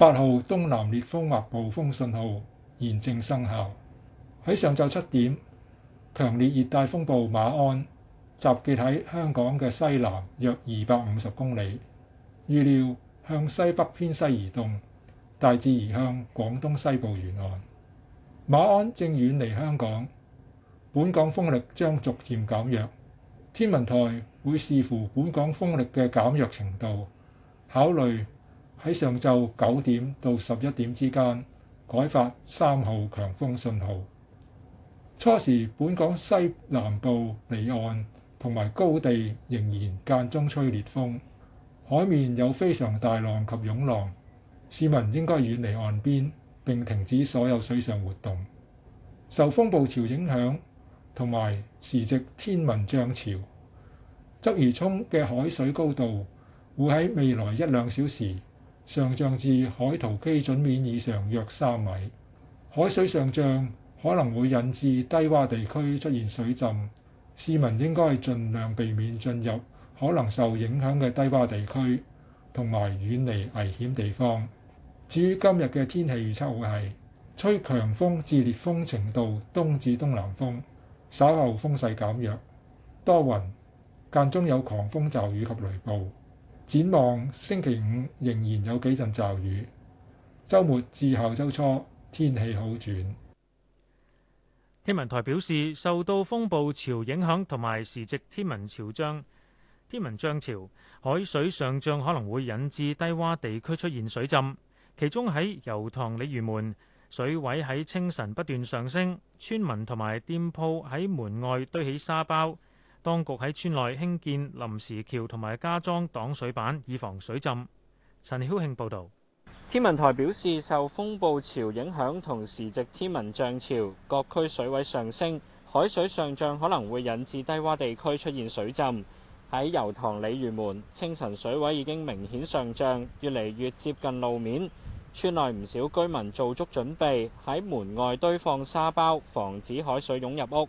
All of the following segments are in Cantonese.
八號東南烈風或暴風信號現正生效。喺上晝七點，強烈熱帶風暴馬鞍集結喺香港嘅西南約二百五十公里，預料向西北偏西移動，大致移向廣東西部沿岸。馬鞍正遠離香港，本港風力將逐漸減弱。天文台會視乎本港風力嘅減弱程度，考慮喺上晝九點到十一點之間改發三號強風信號。初時，本港西南部離岸同埋高地仍然間中吹烈風，海面有非常大浪及湧浪，市民應該遠離岸邊並停止所有水上活動。受風暴潮影響同埋時值天文漲潮，鰂魚湧嘅海水高度會喺未來一兩小時上漲至海圖基準面以上約三米，海水上漲可能會引致低洼地區出現水浸，市民應該盡量避免進入可能受影響嘅低洼地區，同埋遠離危險地方。至於今日嘅天氣預測會係吹強風至烈風程度，東至東南風，稍後風勢減弱，多雲，間中有狂風驟雨及雷暴。展望星期五仍然有幾陣驟雨，周末至後周初天氣好轉。天文台表示，受到風暴潮影響同埋時值天文潮漲，天文漲潮，潮，海水上漲可能會引致低洼地區出現水浸。其中喺油塘鯉魚門水位喺清晨不斷上升，村民同埋店鋪喺門外堆起沙包。當局喺村內興建臨時橋同埋加裝擋水板，以防水浸。陳曉慶報道。天文台表示，受風暴潮影響同時值天文漲潮，各區水位上升，海水上漲可能會引致低窪地區出現水浸。喺油塘鯉魚門，清晨水位已經明顯上漲，越嚟越接近路面，村內唔少居民做足準備，喺門外堆放沙包，防止海水湧入屋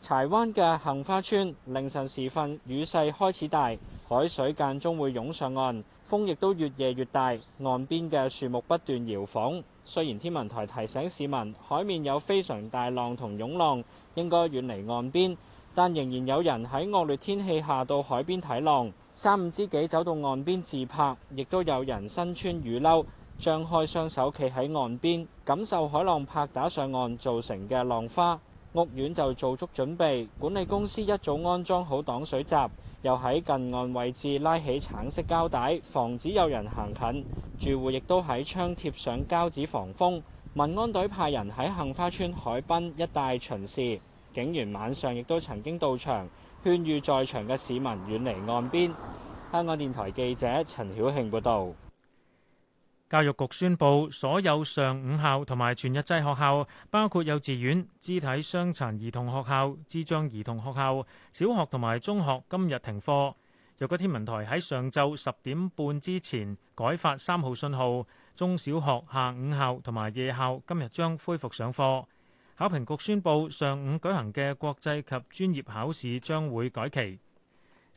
柴灣嘅杏花村凌晨時分，雨勢開始大，海水間中會湧上岸，風亦都越夜越大，岸邊嘅樹木不斷搖晃。雖然天文台提醒市民海面有非常大浪同湧浪，應該遠離岸邊，但仍然有人喺惡劣天氣下到海邊睇浪。三五知己走到岸邊自拍，亦都有人身穿雨褸，張開雙手企喺岸邊，感受海浪拍打上岸造成嘅浪花。屋苑就做足準備，管理公司一早安裝好擋水閘，又喺近岸位置拉起橙色膠帶，防止有人行近。住戶亦都喺窗貼上膠紙防風。民安隊派人喺杏花村海濱一帶巡視，警員晚上亦都曾經到場勸喻在場嘅市民遠離岸邊。香港電台記者陳曉慶報道。教育局宣布，所有上午校同埋全日制學校，包括幼稚園、肢體傷殘兒童學校、智障兒童學校、小學同埋中學今日停課，若果天文台喺上晝十點半之前改發三號信號，中小學下午校同埋夜校今日將恢復上課。考評局宣布，上午舉行嘅國際及專業考試將會改期。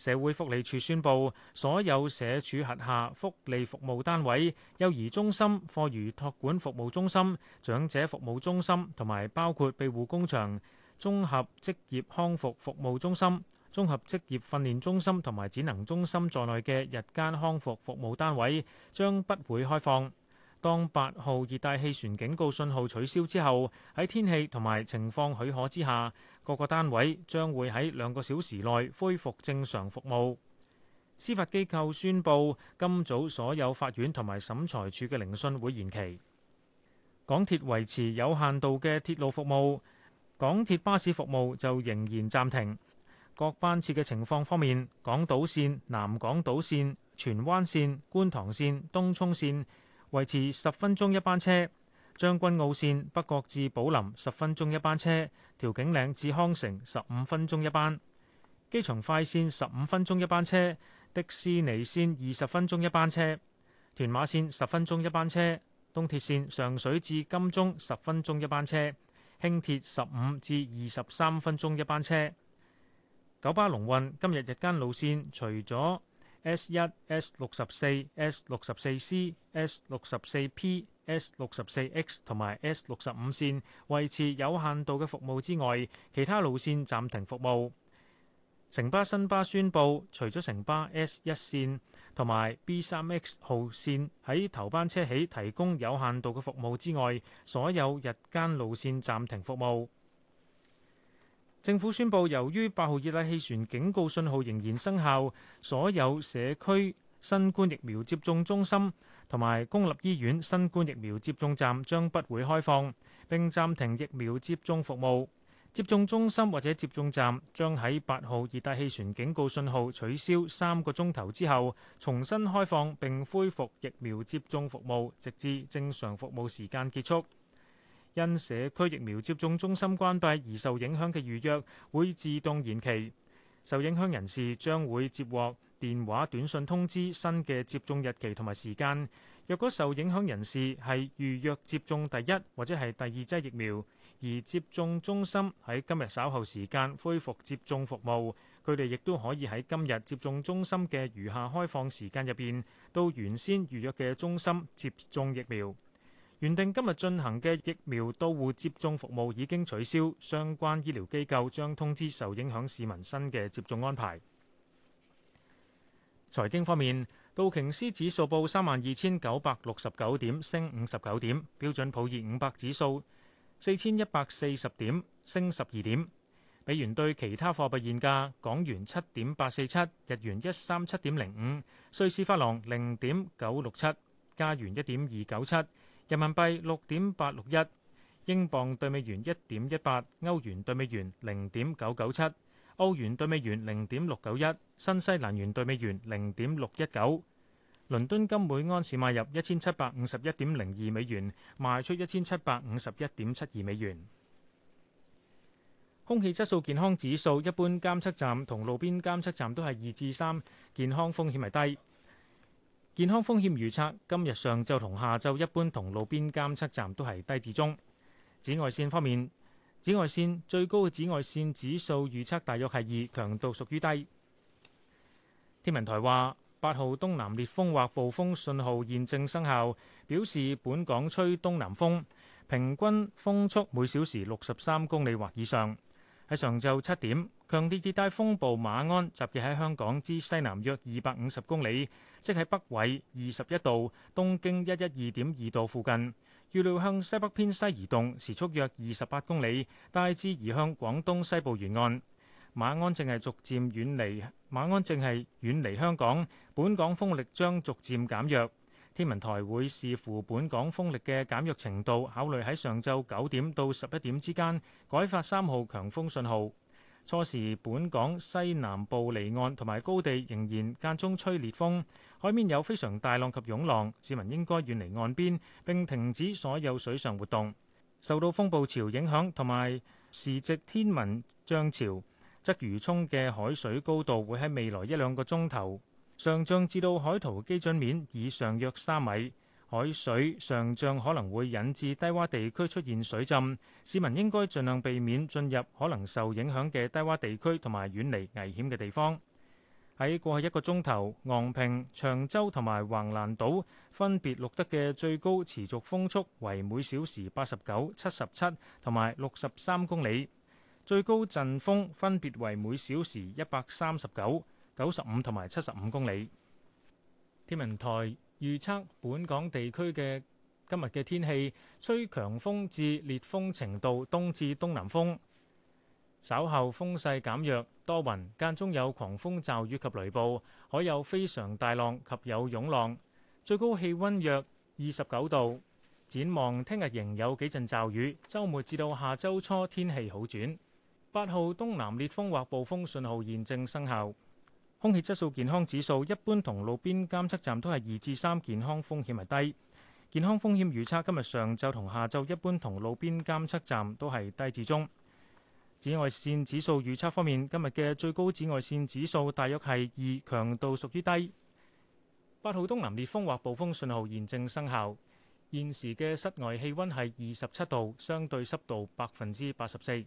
社會福利署宣布，所有社署轄下福利服務單位、幼兒中心、課餘托管服務中心、長者服務中心同埋包括庇護工場、綜合職業康復服務中心、綜合職業訓練中心同埋展能中心在內嘅日間康復服務單位將不會開放。當八號熱帶氣旋警告信號取消之後，喺天氣同埋情況許可之下，各個單位將會喺兩個小時內恢復正常服務。司法機構宣布今早所有法院同埋審裁處嘅聆訊會延期。港鐵維持有限度嘅鐵路服務，港鐵巴士服務就仍然暫停。各班次嘅情況方面，港島線、南港島線、荃灣線、觀塘線、東涌線維持十分鐘一班車。將軍澳綫北角至寶林十分鐘一班車，調景嶺至康城十五分鐘一班，機場快綫十五分鐘一班車，迪士尼綫二十分鐘一班車，屯馬綫十分鐘一班車，東鐵綫上水至金鐘十分鐘一班車，輕鐵十五至二十三分鐘一班車，九巴龍運今日日間路綫除咗 S 一、S 六十四、S 六十四 C、S 六十四 P，S 六十四 X 同埋 S 六十五線維持有限度嘅服務之外，其他路線暫停服務。城巴新巴宣布，除咗城巴 S 一線同埋 B 三 X 號線喺頭班車起提供有限度嘅服務之外，所有日間路線暫停服務。政府宣布，由於八號熱帶氣旋警告信號仍然生效，所有社區新冠疫苗接種中心同埋公立醫院新冠疫苗接種站將不會開放，並暫停疫苗接種服務。接種中心或者接種站將喺八號熱帶氣旋警告信號取消三個鐘頭之後重新開放，並恢復疫苗接種服務，直至正常服務時間結束。因社區疫苗接種中心關閉而受影響嘅預約會自動延期。受影響人士將會接獲電話、短信通知新嘅接種日期同埋時間。若果受影響人士係預約接種第一或者係第二劑疫苗，而接種中心喺今日稍後時間恢復接種服務，佢哋亦都可以喺今日接種中心嘅餘下開放時間入邊，到原先預約嘅中心接種疫苗。原定今日進行嘅疫苗到戶接種服務已經取消，相關醫療機構將通知受影響市民新嘅接種安排。財經方面，道瓊斯指數報三萬二千九百六十九點，升五十九點；標準普爾五百指數四千一百四十點，升十二點。美元兌其他貨幣現價：港元七點八四七，日元一三七點零五，瑞士法郎零點九六七，加元一點二九七。人民幣六點八六一，英鎊對美元一點一八，歐元對美元零點九九七，歐元對美元零點六九一，新西蘭元對美元零點六一九。倫敦金每安士買入一千七百五十一點零二美元，賣出一千七百五十一點七二美元。空氣質素健康指數，一般監測站同路邊監測站都係二至三，健康風險係低。健康風險預測，今日上晝同下晝一般，同路邊監測站都係低至中。紫外線方面，紫外線最高嘅紫外線指數預測大約係二，強度屬於低。天文台話，八號東南烈風或暴風信號現正生效，表示本港吹東南風，平均風速每小時六十三公里或以上。喺上晝七點，強烈熱帶風暴馬鞍集結喺香港之西南約二百五十公里。即喺北緯二十一度、東經一一二點二度附近，預料向西北偏西移動，時速約二十八公里，大致移向廣東西部沿岸。馬鞍正係逐漸遠離，馬鞍正係遠離香港，本港風力將逐漸減弱。天文台會視乎本港風力嘅減弱程度，考慮喺上晝九點到十一點之間改發三號強風信號。初時，本港西南部離岸同埋高地仍然間中吹烈風，海面有非常大浪及湧浪，市民應該遠離岸邊並停止所有水上活動。受到風暴潮影響同埋時值天文漲潮，鰂魚涌嘅海水高度會喺未來一兩個鐘頭上漲至到海圖基準面以上約三米。海水上漲可能會引致低窪地區出現水浸，市民應該盡量避免進入可能受影響嘅低窪地區，同埋遠離危險嘅地方。喺過去一個鐘頭，昂坪、長洲同埋橫瀾島分別錄得嘅最高持續風速為每小時八十九、七十七同埋六十三公里，最高陣風分別為每小時一百三十九、九十五同埋七十五公里。天文台。預測本港地區嘅今日嘅天氣，吹強風至烈風程度，東至東南風。稍後風勢減弱，多雲，間中有狂風、驟雨及雷暴，海有非常大浪及有湧浪。最高氣温約二十九度。展望聽日仍有幾陣驟雨，週末至到下周初天氣好轉。八號東南烈風或暴風信號現正生效。空氣質素健康指數一般同路邊監測站都係二至三，健康風險係低。健康風險預測今日上晝同下晝一般同路邊監測站都係低至中。紫外線指數預測方面，今日嘅最高紫外線指數大約係二，強度屬於低。八號東南烈，烈風或暴風信號現正生效。現時嘅室外氣温係二十七度，相對濕度百分之八十四。